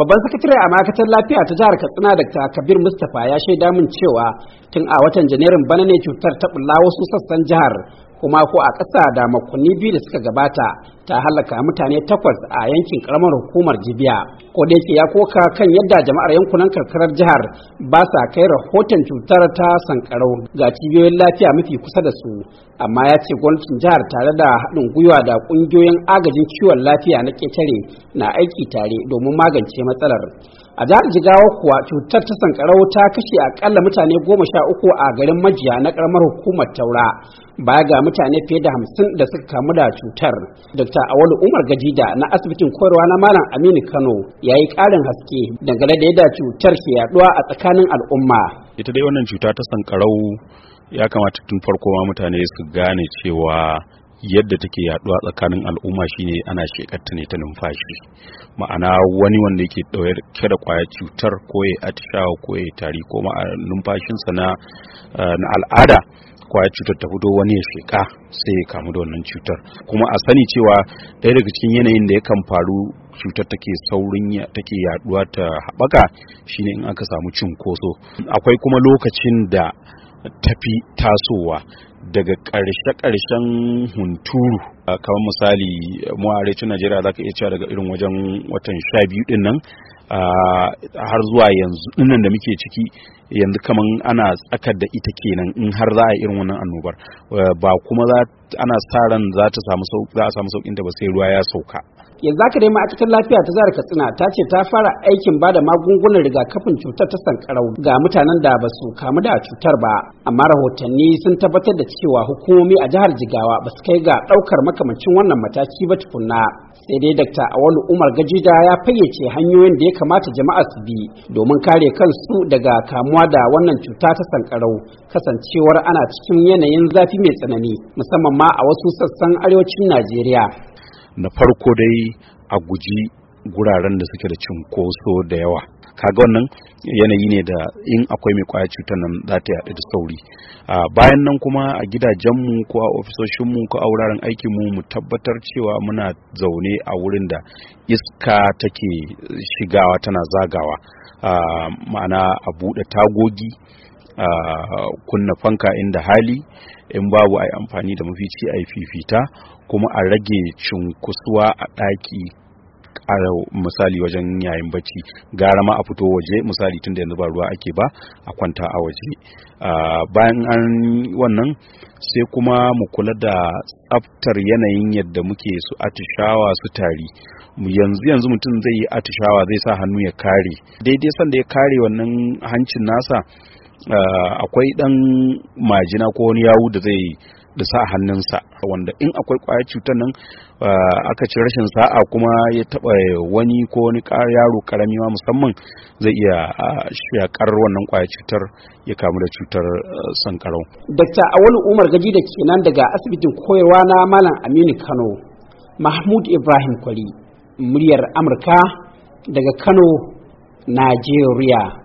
babban sakatare a ma'aikatar lafiya ta jihar katsina ta kabir mustapha ya shaida min cewa tun a watan janairun bana ne cutar ta bulla wasu sassan jihar kuma ko a ƙasa da makonni biyu da suka gabata ta halaka mutane takwas a yankin ƙaramar hukumar jibiya ko da yake ya koka kan yadda jama'ar yankunan karkarar jihar ba sa kai rahoton cutar ta sankarau ga cibiyoyin lafiya mafi kusa da su amma ya ce gwamnatin jihar tare da haɗin gwiwa da ƙungiyoyin agajin ciwon lafiya na ƙetare na aiki tare domin magance matsalar a jihar jigawa kuwa cutar ta sankarau ta kashe akalla mutane goma sha uku a garin majiya na karamar hukumar taura baya ga mutane fiye da hamsin da suka kamu da cutar dr awalu umar gajida na asibitin koyarwa na malam aminu kano ya yi karin haske dangane da yadda cutar ke yaduwa a tsakanin al'umma ita dai wannan cuta ta sankarau ya kamata tun farko ma mutane su gane cewa yadda take yaduwa tsakanin al'umma shine ana shekarta ne ta numfashi ma'ana wani wanda yake dauke da kwaya cutar ko ya atishawa ko ya tari ko ma numfashinsa na eh, na al'ada kwaya cutar ta fito wani ya sheka sai ya kamu da wannan cutar kuma a sani cewa ɗaya daga cikin yanayin da yakan faru cutar take saurin take yaduwa ta haɓaka shine in aka samu cinkoso akwai kuma lokacin da tafi tasowa daga ƙarshe-ƙarshen hunturu kamar misali mu arewacin najeriya za ka iya cewa daga irin wajen watan sha biyu din nan har zuwa yanzu nan da muke ciki yanzu kamar ana tsakar da ita kenan in har za a irin wannan annobar ba kuma ana sa ran za samu a samu saukin da ba sai ruwa ya sauka yanzu haka dai ma'aikatar lafiya ta jihar katsina ta ce ta fara aikin ba da magungunan rigakafin cutar ta sankarau ga mutanen da ba su kamu da cutar ba amma rahotanni sun tabbatar da cewa hukumomi a jihar jigawa ba su kai ga ɗaukar makamancin wannan mataki ba tukunna sai dai dr awalu umar gajida ya fayyace hanyoyin da ya kamata jama'a su bi domin kare kansu daga kamuwa da wannan cuta ta sankarau kasancewar ana cikin yanayin zafi mai tsanani musamman ma a wasu sassan arewacin najeriya na farko dai a guji guraren da suke da cinkoso da yawa kaga wannan yanayi ne da in akwai mai kwaya cutar nan za ta yaɗu da sauri bayan nan kuma a gidajenmu ko a ofisoshinmu ko a wuraren aikinmu mu tabbatar cewa muna zaune a wurin da iska take shigawa tana zagawa ma'ana a buɗe tagogi a kunna fanka inda hali in babu a yi amfani da mafici a yi fifita kuma a rage cunkusuwa a ɗaki a misali wajen yayin bacci gara ma a fito waje misali tun da yanzu ba ruwa ake ba a kwanta a waje bayan an wannan sai kuma mu kula da tsaftar yanayin yadda muke su atishawa su tari yanzu yanzu mutum zai yi atishawa zai sa hannu ya kare daidai sanda ya kare wannan hancin nasa Ah, akwai dan majina ko wani yawu da zai da sa hannunsa wanda in akwai kwayar cutar nan ah, aka ci rashin sa'a kuma ya taba wani ko wani yaro karami ma musamman zai iya ah, shakar wannan kwayar cutar ya kamu da cutar sankarau. Dakta Awal Umar Gaji da kenan daga asibitin koyarwa na Malam Aminu Kano Mahmud Ibrahim Kwari muryar Amurka daga Kano Najeriya.